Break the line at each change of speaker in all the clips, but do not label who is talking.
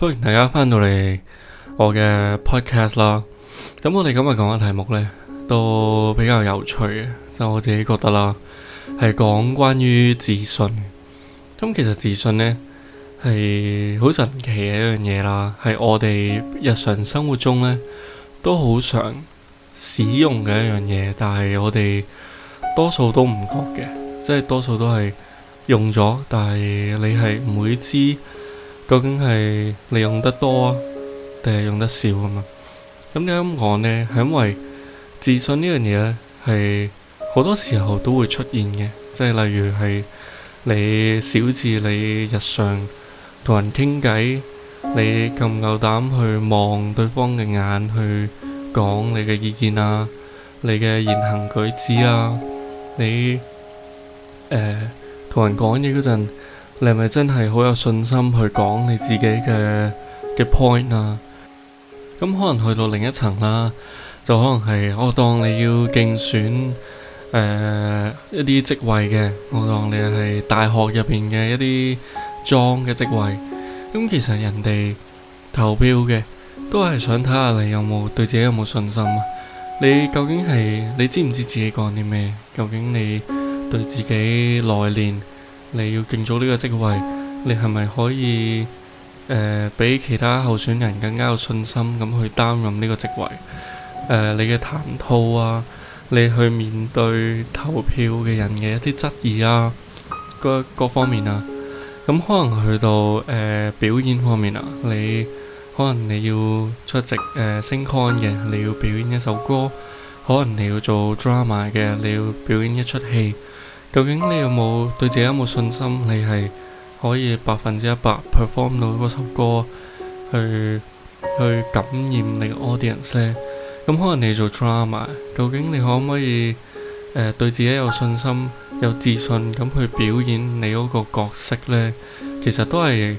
歡迎大家翻到嚟我嘅 podcast 啦。咁我哋今日講嘅題目呢，都比較有趣嘅，就我自己覺得啦，係講關於自信。咁其實自信呢，係好神奇嘅一樣嘢啦，係我哋日常生活中呢，都好常使用嘅一樣嘢，但係我哋多數都唔覺嘅，即係多數都係用咗，但係你係唔會知。究竟係你用得多定係用得少啊嘛？咁你咁講咧，係因為自信呢樣嘢咧，係好多時候都會出現嘅。即係例如係你少自你日常同人傾偈，你夠唔夠膽去望對方嘅眼去講你嘅意見啊，你嘅言行舉止啊，你誒同人講嘢嗰陣。你係咪真係好有信心去講你自己嘅嘅 point 啊？咁可能去到另一層啦，就可能係我當你要競選誒、呃、一啲職位嘅，我當你係大學入邊嘅一啲莊嘅職位。咁其實人哋投票嘅都係想睇下你有冇對自己有冇信心啊？你究竟係你知唔知自己講啲咩？究竟你對自己內練？你要競做呢個職位，你係咪可以誒、呃、俾其他候選人更加有信心咁去擔任呢個職位？呃、你嘅談吐啊，你去面對投票嘅人嘅一啲質疑啊，各各方面啊，咁、嗯、可能去到誒、呃、表演方面啊，你可能你要出席誒 sing con 嘅，你要表演一首歌，可能你要做 drama 嘅，你要表演一出戲。究竟你有冇對自己有冇信心？你係可以百分之一百 perform 到嗰首歌，去去感染你 audience 呢？咁可能你做 drama，究竟你可唔可以誒、對自己有信心、有自信咁去表演你嗰個角色呢？其實都係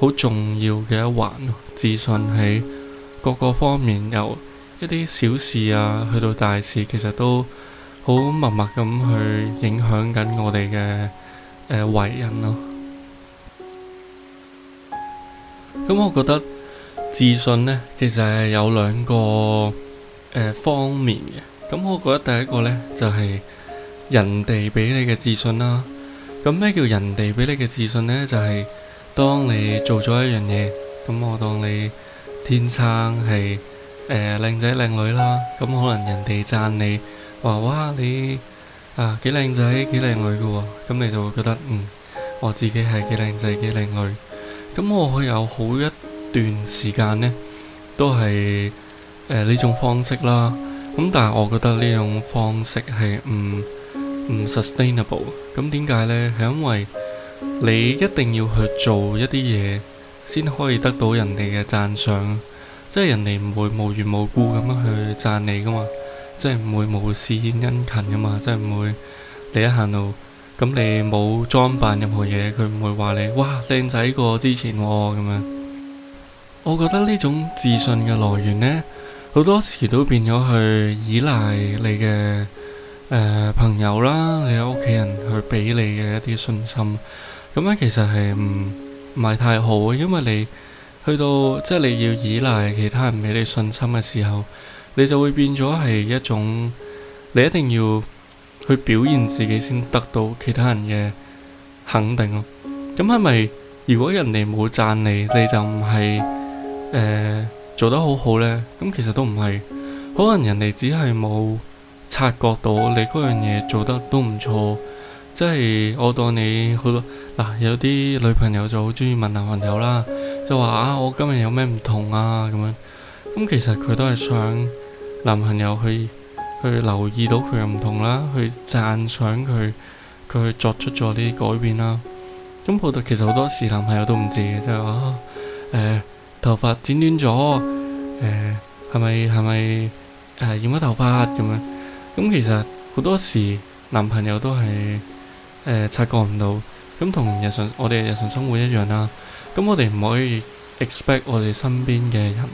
好重要嘅一環，自信喺各個方面，由一啲小事啊，去到大事，其實都。好默默咁去影響緊我哋嘅誒為人咯。咁我覺得自信呢，其實係有兩個誒方面嘅。咁我覺得第一個呢就係人哋俾你嘅自信啦。咁咩叫人哋俾你嘅自信呢？就係當你做咗一樣嘢，咁我當你天生係誒靚仔靚女啦，咁可能人哋讚你。娃娃，你啊幾靚仔幾靚女嘅喎，咁你就會覺得嗯，我自己係幾靚仔幾靚女。咁我有好一段時間呢，都係誒呢種方式啦。咁但係我覺得呢種方式係唔唔 sustainable。咁點解呢？係因為你一定要去做一啲嘢，先可以得到人哋嘅讚賞。即係人哋唔會無緣無故咁樣去讚你噶嘛。即係唔會冇事獻殷勤噶嘛，即係唔會你一行路咁，你冇裝扮任何嘢，佢唔會話你哇，靚仔過之前喎咁樣。我覺得呢種自信嘅來源呢，好多時都變咗去依賴你嘅誒朋友啦，你嘅屋企人去俾你嘅一啲信心。咁樣其實係唔唔係太好，因為你去到即係你要依賴其他人俾你信心嘅時候。你就會變咗係一種，你一定要去表現自己先得到其他人嘅肯定咯。咁係咪如果人哋冇讚你，你就唔係誒做得好好呢？咁其實都唔係，可能人哋只係冇察覺到你嗰樣嘢做得都唔錯。即係我當你好多嗱，啊，有啲女朋友就好中意問男朋友啦，就話啊我今日有咩唔同啊咁樣。咁其實佢都係想。男朋友去去留意到佢嘅唔同啦，去讚賞佢，佢去作出咗啲改變啦。咁、嗯、冇其實好多時男朋友都唔知嘅，即係話誒頭髮剪短咗，誒係咪係咪染咗頭髮咁樣。咁、嗯、其實好多時男朋友都係、欸、察覺唔到，咁、嗯、同日常我哋日常生活一樣啦。咁、嗯、我哋唔可以 expect 我哋身邊嘅人。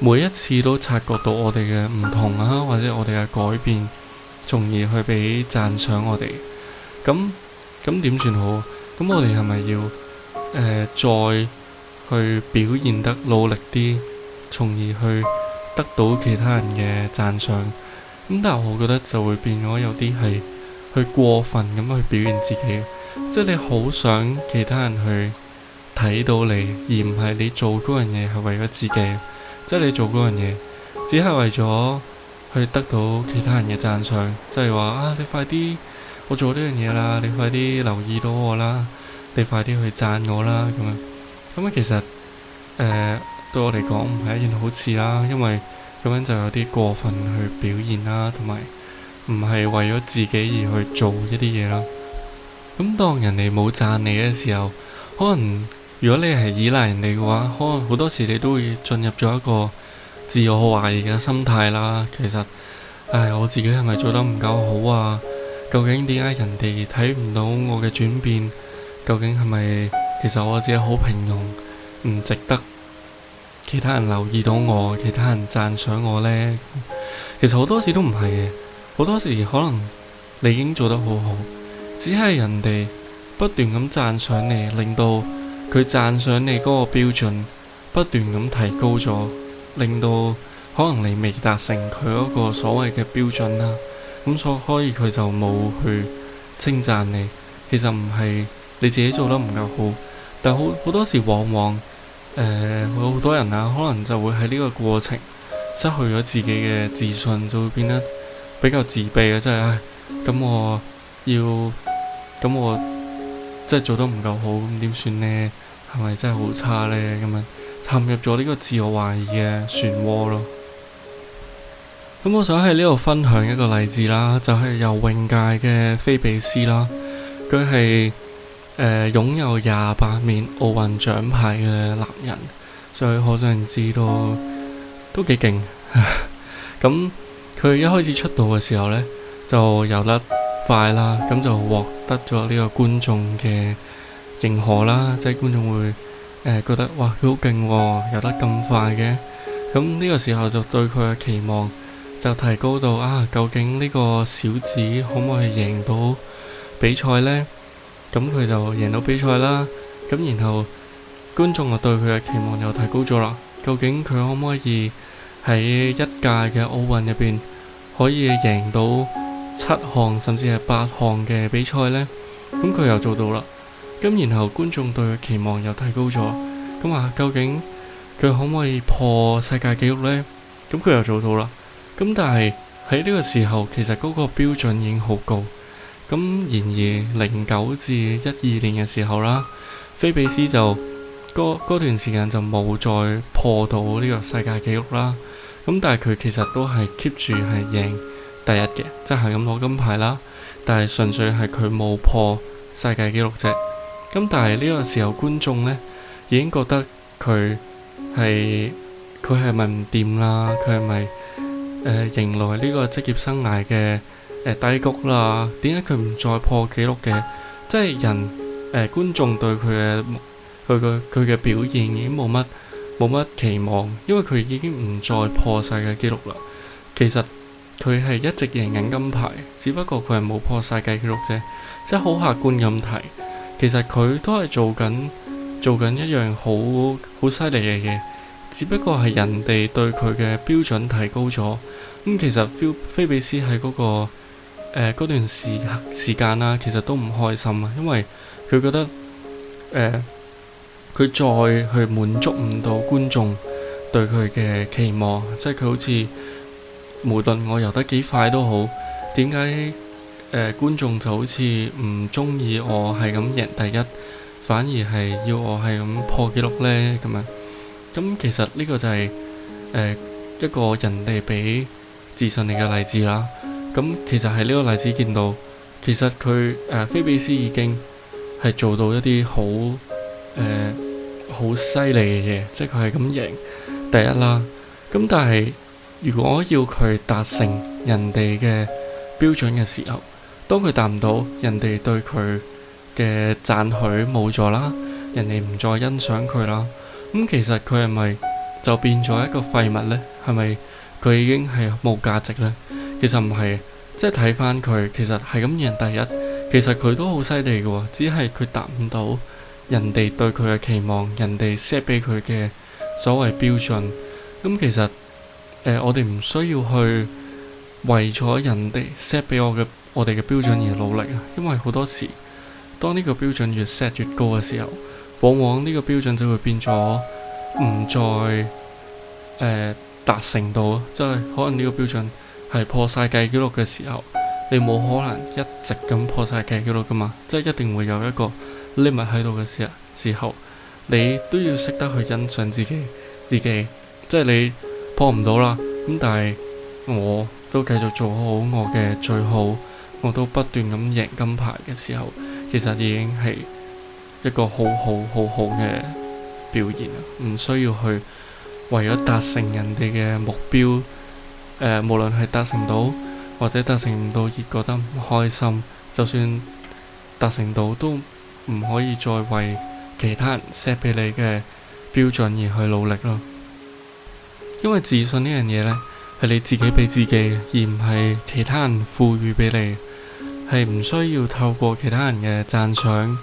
每一次都察覺到我哋嘅唔同啊，或者我哋嘅改變，從而去俾讚賞我哋。咁咁點算好？咁我哋係咪要誒、呃、再去表現得努力啲，從而去得到其他人嘅讚賞？咁但係我覺得就會變咗有啲係去過分咁去表現自己，即係你好想其他人去睇到你，而唔係你做嗰樣嘢係為咗自己。即係你做嗰樣嘢，只係為咗去得到其他人嘅讚賞，即係話啊，你快啲，我做呢樣嘢啦，你快啲留意到我啦，你快啲去讚我啦咁樣。咁樣其實誒，對，呃，我嚟講唔係一件好事啦，因為咁樣就有啲過分去表現啦，同埋唔係為咗自己而去做一啲嘢啦。咁當人哋冇讚你嘅時候，可能。如果你係依賴人哋嘅話，可能好多時你都會進入咗一個自我懷疑嘅心態啦。其實，唉，我自己係咪做得唔夠好啊？究竟點解人哋睇唔到我嘅轉變？究竟係咪其實我自己好平庸，唔值得其他人留意到我，其他人讚賞我呢？其實好多時都唔係嘅，好多時可能你已經做得好好，只係人哋不斷咁讚賞你，令到。佢讚賞你嗰個標準不斷咁提高咗，令到可能你未達成佢嗰個所謂嘅標準啦，咁所以佢就冇去稱讚你。其實唔係你自己做得唔夠好，但好好多時往往誒好、呃、多人啊，可能就會喺呢個過程失去咗自己嘅自信，就會變得比較自卑啊，即係唉，咁我要咁我。即係做得唔夠好，咁點算呢？係咪真係好差呢？咁樣陷入咗呢個自我懷疑嘅漩渦咯。咁我想喺呢度分享一個例子啦，就係游泳界嘅菲比斯啦。佢係誒擁有廿八面奧運獎牌嘅男人，所以可想而知都都幾勁。咁 佢一開始出道嘅時候呢，就由得快啦，咁就獲得咗呢個觀眾嘅認可啦，即係觀眾會誒覺得哇佢好勁喎，游得咁快嘅。咁呢個時候就對佢嘅期望就提高到啊，究竟呢個小子可唔可以贏到比賽呢？咁佢就贏到比賽啦，咁然後觀眾就對佢嘅期望又提高咗啦，究竟佢可唔可以喺一屆嘅奧運入邊可以贏到？七項甚至係八項嘅比賽呢，咁佢又做到啦。咁然後觀眾對佢期望又提高咗。咁啊，究竟佢可唔可以破世界紀錄呢？咁佢又做到啦。咁但係喺呢個時候，其實嗰個標準已經好高。咁然而零九至一二年嘅時候啦，菲比斯就嗰嗰段時間就冇再破到呢個世界紀錄啦。咁但係佢其實都係 keep 住係贏。第一嘅，即係咁攞金牌啦。但係純粹係佢冇破世界紀錄啫。咁、嗯、但係呢個時候觀眾呢已經覺得佢係佢係咪唔掂啦？佢係咪誒迎來呢個職業生涯嘅誒、呃、低谷啦？點解佢唔再破紀錄嘅？即係人誒、呃、觀眾對佢嘅佢嘅佢嘅表現已經冇乜冇乜期望，因為佢已經唔再破世界紀錄啦。其實。佢係一直贏緊金牌，只不過佢係冇破世界紀錄啫，即係好客觀咁睇。其實佢都係做緊做緊一樣好好犀利嘅嘢，只不過係人哋對佢嘅標準提高咗。咁、嗯、其實菲菲比斯喺嗰、那個誒嗰、呃、段時時間啦，其實都唔開心啊，因為佢覺得誒佢、呃、再去滿足唔到觀眾對佢嘅期望，即係佢好似。無論我游得幾快都好，點解誒觀眾就好似唔中意我係咁贏第一，反而係要我係咁破紀錄咧咁啊？咁其實呢個就係、是、誒、呃、一個人哋俾自信力嘅例子啦。咁其實喺呢個例子見到，其實佢誒、呃、菲比斯已經係做到一啲好誒好犀利嘅嘢，即係佢係咁贏第一啦。咁但係，如果要佢達成人哋嘅標準嘅時候，當佢達唔到人哋對佢嘅讚許冇咗啦，人哋唔再欣賞佢啦，咁其實佢係咪就變咗一個廢物呢？係咪佢已經係冇價值呢？其實唔係，即係睇翻佢，其實係咁贏第一，其實佢都好犀利嘅喎，只係佢達唔到人哋對佢嘅期望，人哋 set 俾佢嘅所謂標準，咁其實。誒、呃，我哋唔需要去為咗人哋 set 俾我嘅我哋嘅標準而努力啊！因為好多時，當呢個標準越 set 越高嘅時候，往往呢個標準就會變咗唔再誒、呃、達成到。即係、就是、可能呢個標準係破晒曬記錄嘅時候，你冇可能一直咁破晒曬記錄噶嘛！即、就、係、是、一定會有一個 limit 喺度嘅時候，你都要識得去欣賞自己，自己即係你。幫唔到啦，咁但係我都繼續做好我嘅最好，我都不斷咁贏金牌嘅時候，其實已經係一個好好好好嘅表現，唔需要去為咗達成人哋嘅目標，誒、呃，無論係達成到或者達成唔到而覺得唔開心，就算達成到都唔可以再為其他人 set 俾你嘅標準而去努力咯。因為自信呢樣嘢呢，係你自己俾自己，而唔係其他人賦予俾你，係唔需要透過其他人嘅讚賞，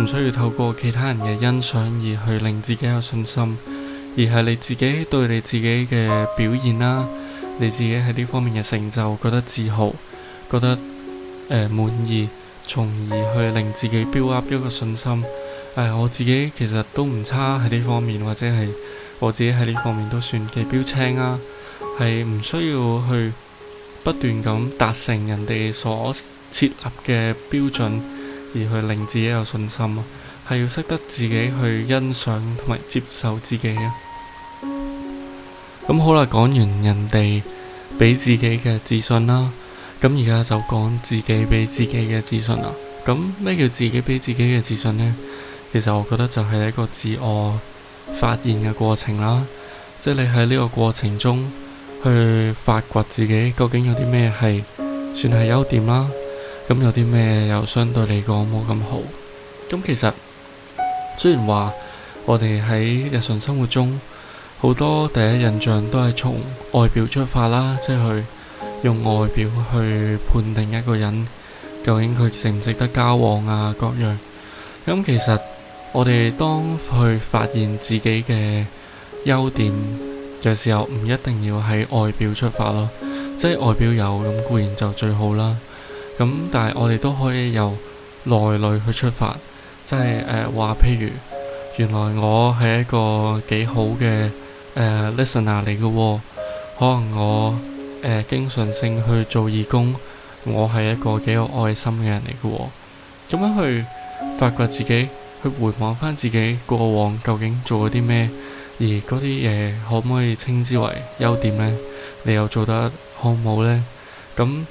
唔需要透過其他人嘅欣賞而去令自己有信心，而係你自己對你自己嘅表現啦、啊，你自己喺呢方面嘅成就覺得自豪，覺得誒呃、滿意，從而去令自己 build up 一個信心。誒、哎，我自己其實都唔差喺呢方面，或者係。我自己喺呢方面都算幾標青啦，啊，係唔需要去不斷咁達成人哋所設立嘅標準，而去令自己有信心啊，係要識得自己去欣賞同埋接受自己啊。咁好啦，講完人哋俾自己嘅自信啦，咁而家就講自己俾自己嘅自信啦。咁咩叫自己俾自己嘅自信呢？其實我覺得就係一個自我發現嘅過程啦，即係你喺呢個過程中去發掘自己究竟有啲咩係算係優點啦，咁有啲咩又相對嚟講冇咁好。咁其實雖然話我哋喺日常生活中好多第一印象都係從外表出發啦，即係去用外表去判定一個人究竟佢值唔值得交往啊各樣。咁其實。我哋當去發現自己嘅優點嘅時候，唔一定要喺外表出發咯。即係外表有，咁固然就最好啦。咁但係我哋都可以由內裏去出發，即係誒話，譬如原來我係一個幾好嘅、呃、listener 嚟嘅，可能我誒、呃、經常性去做義工，我係一個幾有愛心嘅人嚟嘅。咁樣去發掘自己。回望翻自己過往究竟做咗啲咩，而嗰啲嘢，可唔可以稱之為優點呢？你又做得好唔好呢？咁誒、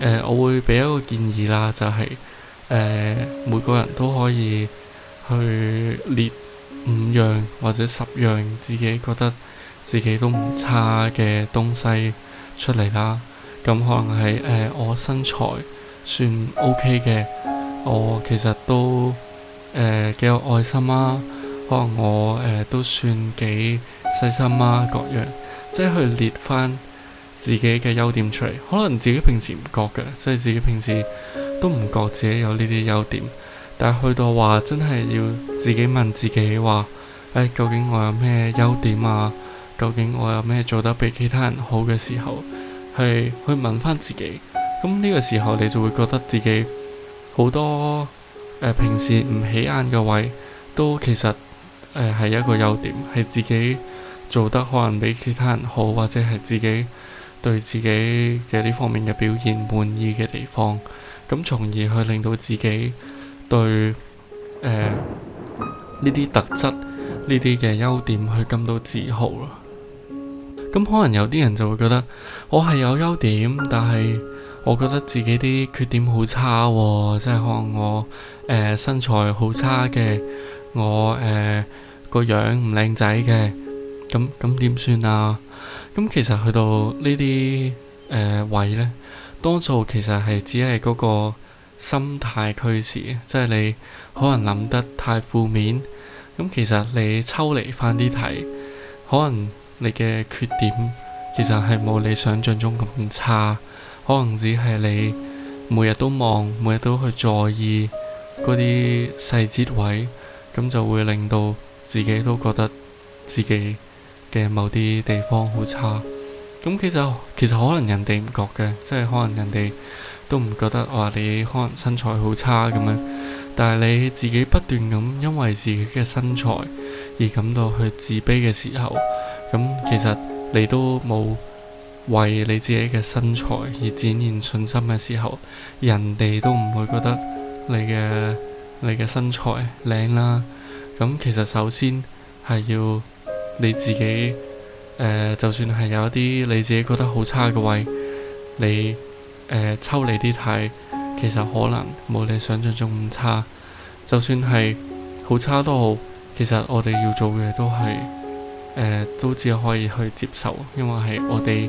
呃，我會俾一個建議啦，就係、是、誒、呃，每個人都可以去列五樣或者十樣自己覺得自己都唔差嘅東西出嚟啦。咁可能係誒、呃，我身材算 OK 嘅，我其實都。誒，幾、呃、有愛心啊！可能我誒、呃、都算幾細心啊，各樣，即係去列翻自己嘅優點出嚟。可能自己平時唔覺嘅，即係自己平時都唔覺自己有呢啲優點。但係去到話真係要自己問自己話，誒、哎，究竟我有咩優點啊？究竟我有咩做得比其他人好嘅時候，係去問翻自己。咁呢個時候，你就會覺得自己好多。呃、平時唔起眼嘅位，都其實誒係、呃、一個優點，係自己做得可能比其他人好，或者係自己對自己嘅呢方面嘅表現滿意嘅地方，咁從而去令到自己對呢啲、呃、特質呢啲嘅優點去感到自豪咯。咁可能有啲人就會覺得，我係有優點，但係。我覺得自己啲缺點好差，哦，即係可能我誒、呃、身材好差嘅，我誒個、呃、樣唔靚仔嘅，咁咁點算啊？咁其實去到呢啲誒位呢，多數其實係只係嗰個心態驅使，即係你可能諗得太負面。咁其實你抽離返啲睇，可能你嘅缺點其實係冇你想象中咁差。可能只係你每日都望，每日都去在意嗰啲細節位，咁就會令到自己都覺得自己嘅某啲地方好差。咁其實其實可能人哋唔覺嘅，即係可能人哋都唔覺得話你可能身材好差咁樣，但係你自己不斷咁因為自己嘅身材而感到去自卑嘅時候，咁其實你都冇為你自己嘅身材而展現信心嘅時候，人哋都唔會覺得你嘅你嘅身材靚啦。咁其實首先係要你自己，誒、呃，就算係有一啲你自己覺得好差嘅位，你誒、呃、抽離啲睇，其實可能冇你想像中咁差。就算係好差都好，其實我哋要做嘅都係誒、呃，都只可以去接受，因為係我哋，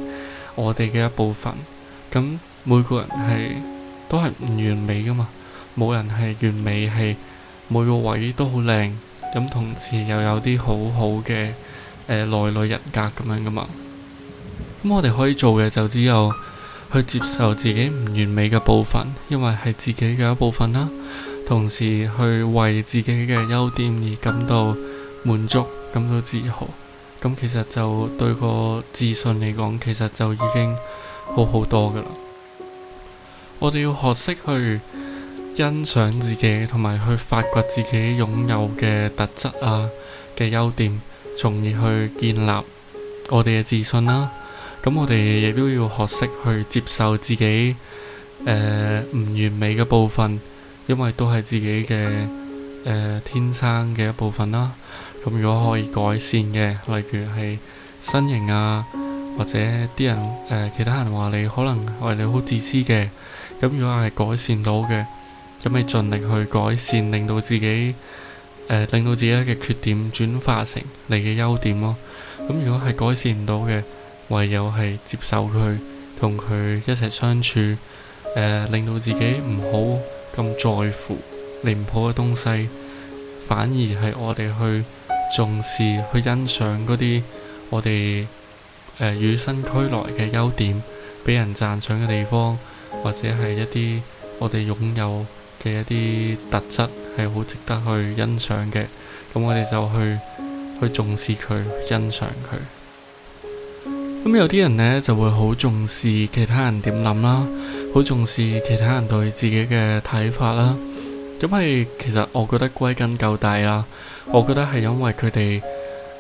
我哋嘅一部分，咁每個人係都係唔完美噶嘛，冇人係完美，係每個位都好靚，咁同時又有啲好好嘅誒內裏人格咁樣噶嘛，咁我哋可以做嘅就只有去接受自己唔完美嘅部分，因為係自己嘅一部分啦，同時去為自己嘅優點而感到滿足，感到自豪。咁其實就對個自信嚟講，其實就已經好好多噶啦。我哋要學識去欣賞自己，同埋去發掘自己擁有嘅特質啊嘅優點，從而去建立我哋嘅自信啦、啊。咁我哋亦都要學識去接受自己誒唔、呃、完美嘅部分，因為都係自己嘅誒、呃、天生嘅一部分啦、啊。咁如果可以改善嘅，例如係身形啊，或者啲人誒、呃、其他人話你可能係你好自私嘅，咁如果係改善到嘅，咁你盡力去改善，令到自己誒、呃、令到自己嘅缺點轉化成你嘅優點咯、哦。咁如果係改善唔到嘅，唯有係接受佢，同佢一齊相處，誒、呃、令到自己唔好咁在乎你唔好嘅東西，反而係我哋去。重視去欣賞嗰啲我哋誒與生俱來嘅優點，俾人讚賞嘅地方，或者係一啲我哋擁有嘅一啲特質，係好值得去欣賞嘅。咁我哋就去去重視佢，欣賞佢。咁有啲人呢，就會好重視其他人點諗啦，好重視其他人對自己嘅睇法啦。咁係，其實我覺得歸根究底啦，我覺得係因為佢哋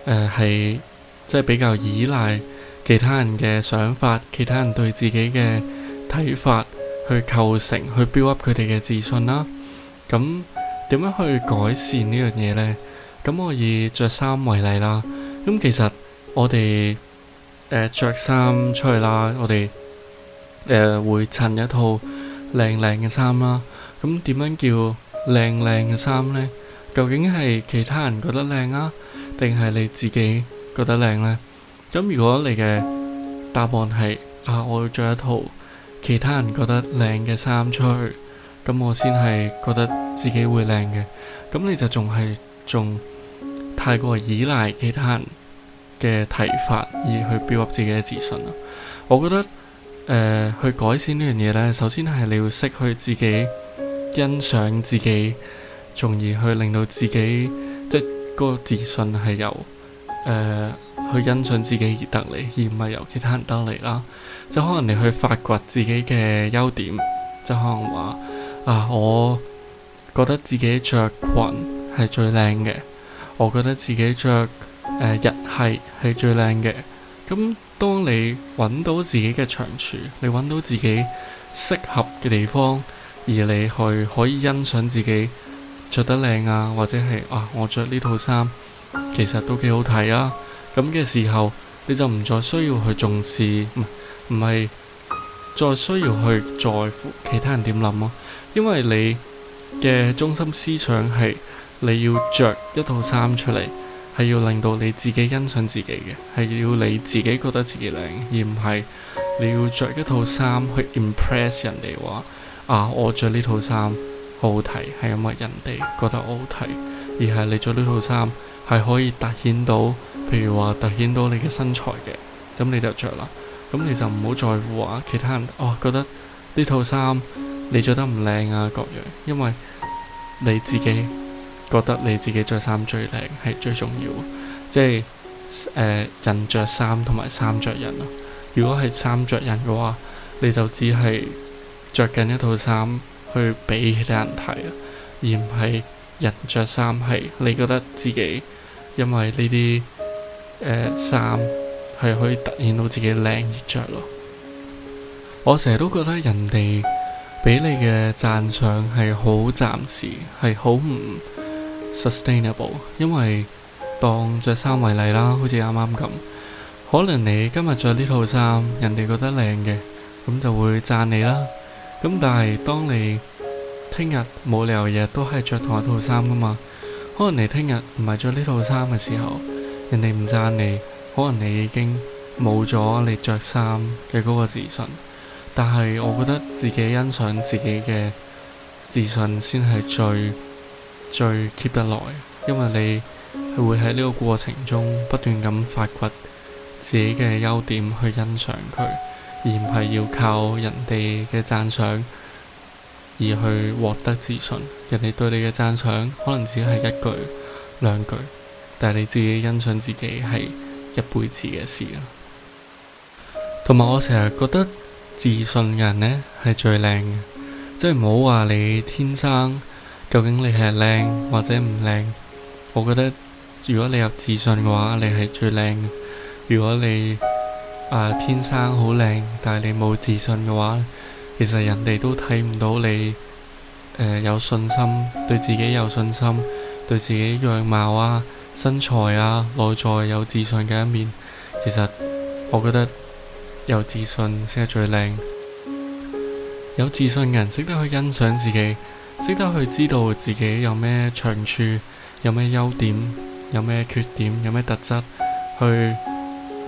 誒係即係比較依賴其他人嘅想法，其他人對自己嘅睇法去構成，去 build up 佢哋嘅自信啦。咁點樣去改善呢樣嘢呢？咁我以着衫為例啦。咁其實我哋着衫出去啦，我哋誒、呃、會襯一套靚靚嘅衫啦。咁點樣叫？靚靚嘅衫呢，究竟係其他人覺得靚啊，定係你自己覺得靚呢？咁如果你嘅答案係啊，我要着一套其他人覺得靚嘅衫出去，咁我先係覺得自己會靚嘅。咁你就仲係仲太過依賴其他人嘅睇法，而去 build up 自己嘅自信啊。我覺得，呃，去改善呢樣嘢呢，首先係你要識去自己。欣賞自己，從而去令到自己，即係嗰個自信係由誒、呃、去欣賞自己而得嚟，而唔係由其他人得嚟啦。即可能你去發掘自己嘅優點，就可能話啊，我覺得自己着裙係最靚嘅，我覺得自己着誒、呃、日系係最靚嘅。咁當你揾到自己嘅長處，你揾到自己適合嘅地方。而你去可以欣賞自己着得靚啊，或者係啊，我着呢套衫其實都幾好睇啊。咁嘅時候，你就唔再需要去重視，唔唔係再需要去在乎其他人點諗咯。因為你嘅中心思想係你要着一套衫出嚟，係要令到你自己欣賞自己嘅，係要你自己覺得自己靚，而唔係你要着一套衫去 impress 人哋話。啊！我着呢套衫好好睇，係因為人哋覺得我好睇，而係你着呢套衫係可以凸顯到，譬如話凸顯到你嘅身材嘅，咁你就着啦。咁你就唔好在乎啊！其他人哦覺得呢套衫你着得唔靚啊各樣，因為你自己覺得你自己着衫最靚係最重要即係、呃、人着衫同埋衫着人啊。如果係衫着人嘅話，你就只係。着緊一套衫去俾其他人睇，而唔係人着衫，係你覺得自己因為呢啲誒衫係可以突顯到自己靚而着咯。 我成日都覺得人哋俾你嘅讚賞係好暫時，係好唔 sustainable。因為當着衫為例啦，好似啱啱咁，可能你今日着呢套衫，人哋覺得靚嘅，咁就會讚你啦。咁但係當你聽日冇理由日日都係着同一套衫噶嘛，可能你聽日唔係着呢套衫嘅時候，人哋唔讚你，可能你已經冇咗你着衫嘅嗰個自信。但係我覺得自己欣賞自己嘅自信先係最最 keep 得耐，因為你係會喺呢個過程中不斷咁發掘自己嘅優點去欣賞佢。而唔係要靠人哋嘅讚賞而去獲得自信，人哋對你嘅讚賞可能只係一句兩句，但係你自己欣賞自己係一輩子嘅事啊！同埋我成日覺得自信嘅人呢，係最靚嘅，即係唔好話你天生究竟你係靚或者唔靚，我覺得如果你有自信嘅話，你係最靚嘅。如果你啊，天生好靚，但係你冇自信嘅話，其實人哋都睇唔到你誒、呃、有信心，對自己有信心，對自己樣貌啊、身材啊、內在有自信嘅一面。其實我覺得有自信先係最靚。有自信嘅人識得去欣賞自己，識得去知道自己有咩長處，有咩優點，有咩缺點，有咩特質去。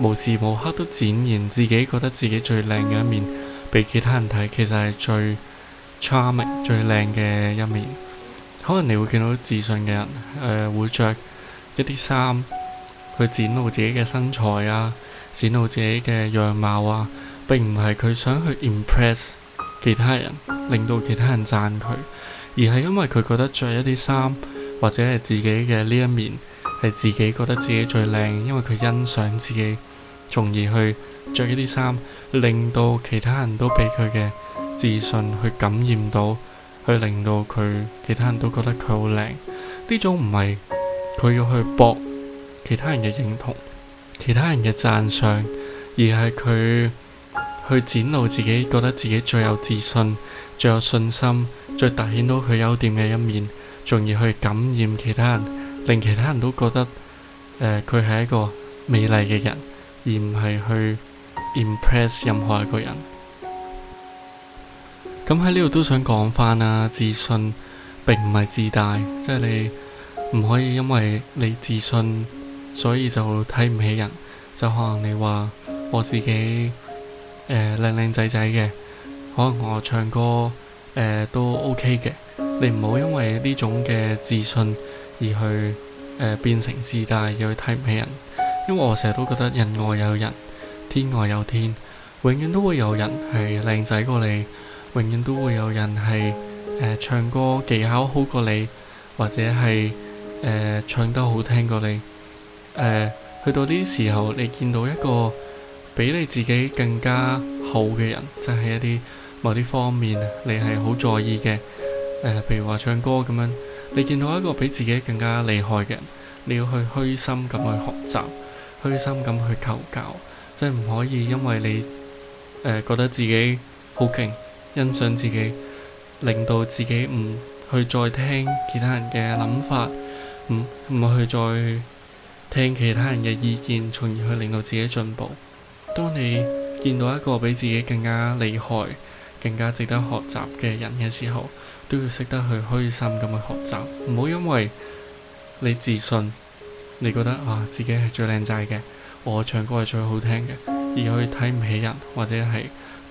無時無刻都展現自己覺得自己最靚嘅一面俾其他人睇，其實係最 charming、最靚嘅一面。可能你會見到自信嘅人，誒、呃、會着一啲衫去展露自己嘅身材啊，展露自己嘅樣貌啊，並唔係佢想去 impress 其他人，令到其他人讚佢，而係因為佢覺得着一啲衫或者係自己嘅呢一面係自己覺得自己最靚，因為佢欣賞自己。從而去着嗰啲衫，令到其他人都俾佢嘅自信去感染到，去令到佢其他人都覺得佢好靚。呢種唔係佢要去博其他人嘅認同、其他人嘅讚賞，而係佢去展露自己覺得自己最有自信、最有信心、最凸顯到佢優點嘅一面，從而去感染其他人，令其他人都覺得誒，佢係一個美麗嘅人。而唔係去 impress 任何一個人。咁喺呢度都想講翻啊，自信並唔係自大，即係你唔可以因為你自信，所以就睇唔起人。就可能你話我自己誒靚靚仔仔嘅，可能我唱歌、呃、都 OK 嘅。你唔好因為呢種嘅自信而去誒、呃、變成自大，而去睇唔起人。因為我成日都覺得人外有人，天外有天，永遠都會有人係靚仔過你，永遠都會有人係、呃、唱歌技巧好過你，或者係、呃、唱得好聽過你。呃、去到呢啲時候，你見到一個比你自己更加好嘅人，即係一啲某啲方面你係好在意嘅、呃、譬如話唱歌咁樣，你見到一個比自己更加厲害嘅人，你要去虛心咁去學習。虛心咁去求教，即係唔可以因為你誒、呃、覺得自己好勁，欣賞自己，令到自己唔去再聽其他人嘅諗法，唔唔去再聽其他人嘅意見，從而去令到自己進步。當你見到一個比自己更加厲害、更加值得學習嘅人嘅時候，都要識得去虛心咁去學習，唔好因為你自信。你覺得啊，自己係最靚仔嘅，我唱歌係最好聽嘅，而去睇唔起人，或者係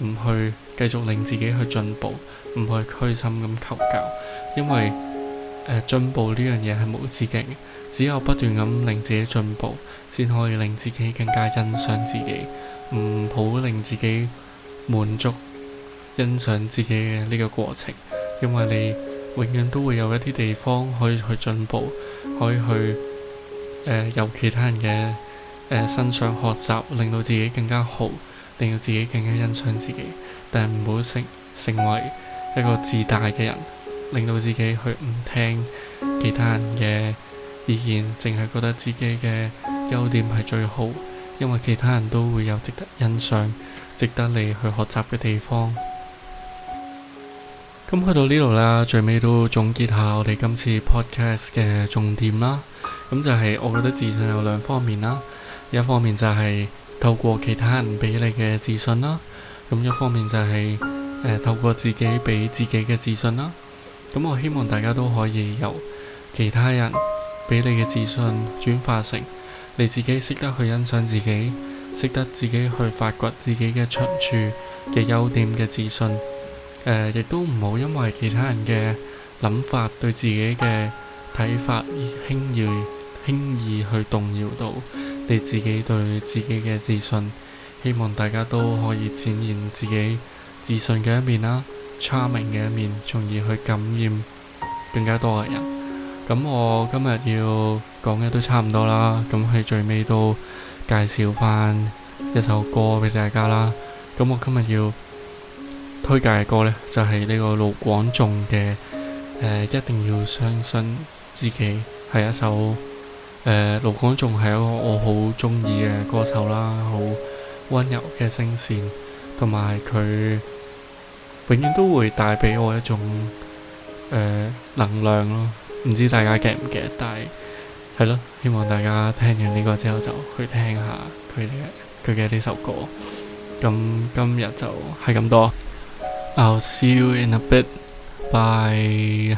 唔去繼續令自己去進步，唔去虛心咁求教，因為誒、呃、進步呢樣嘢係無止境嘅，只有不斷咁令自己進步，先可以令自己更加欣賞自己，唔好令自己滿足欣賞自己嘅呢個過程，因為你永遠都會有一啲地方可以去進步，可以去。誒、呃，由其他人嘅誒、呃、身上學習，令到自己更加好，令到自己更加欣賞自己，但係唔好成成為一個自大嘅人，令到自己去唔聽其他人嘅意見，淨係覺得自己嘅優點係最好，因為其他人都會有值得欣賞、值得你去學習嘅地方。咁去到呢度啦，最尾都總結下我哋今次 podcast 嘅重點啦。咁就係我覺得自信有兩方面啦，一方面就係透過其他人俾你嘅自信啦，咁一方面就係、是、誒、呃、透過自己俾自己嘅自信啦。咁我希望大家都可以由其他人俾你嘅自信轉化成你自己識得去欣賞自己，識得自己去發掘自己嘅長處嘅優點嘅自信。誒、呃、亦都唔好因為其他人嘅諗法對自己嘅睇法而輕易，輕易去動搖到你自己對自己嘅自信，希望大家都可以展現自己自信嘅一面啦，Charming 嘅一面，從而 去感染更加多嘅人。咁我今日要講嘅都差唔多啦，咁喺最尾都介紹返一首歌俾大家啦。咁我今日要推介嘅歌呢，就係、是、呢個盧廣仲嘅、呃、一定要相信自己係一首。誒、呃，盧廣仲係一個我好中意嘅歌手啦，好溫柔嘅聲線，同埋佢永遠都會帶俾我一種誒、呃、能量咯。唔知大家記唔記得？但係係咯，希望大家聽完呢個之後就去聽下佢嘅佢嘅呢首歌。咁今日就係咁多，I'll see you in a bit，bye。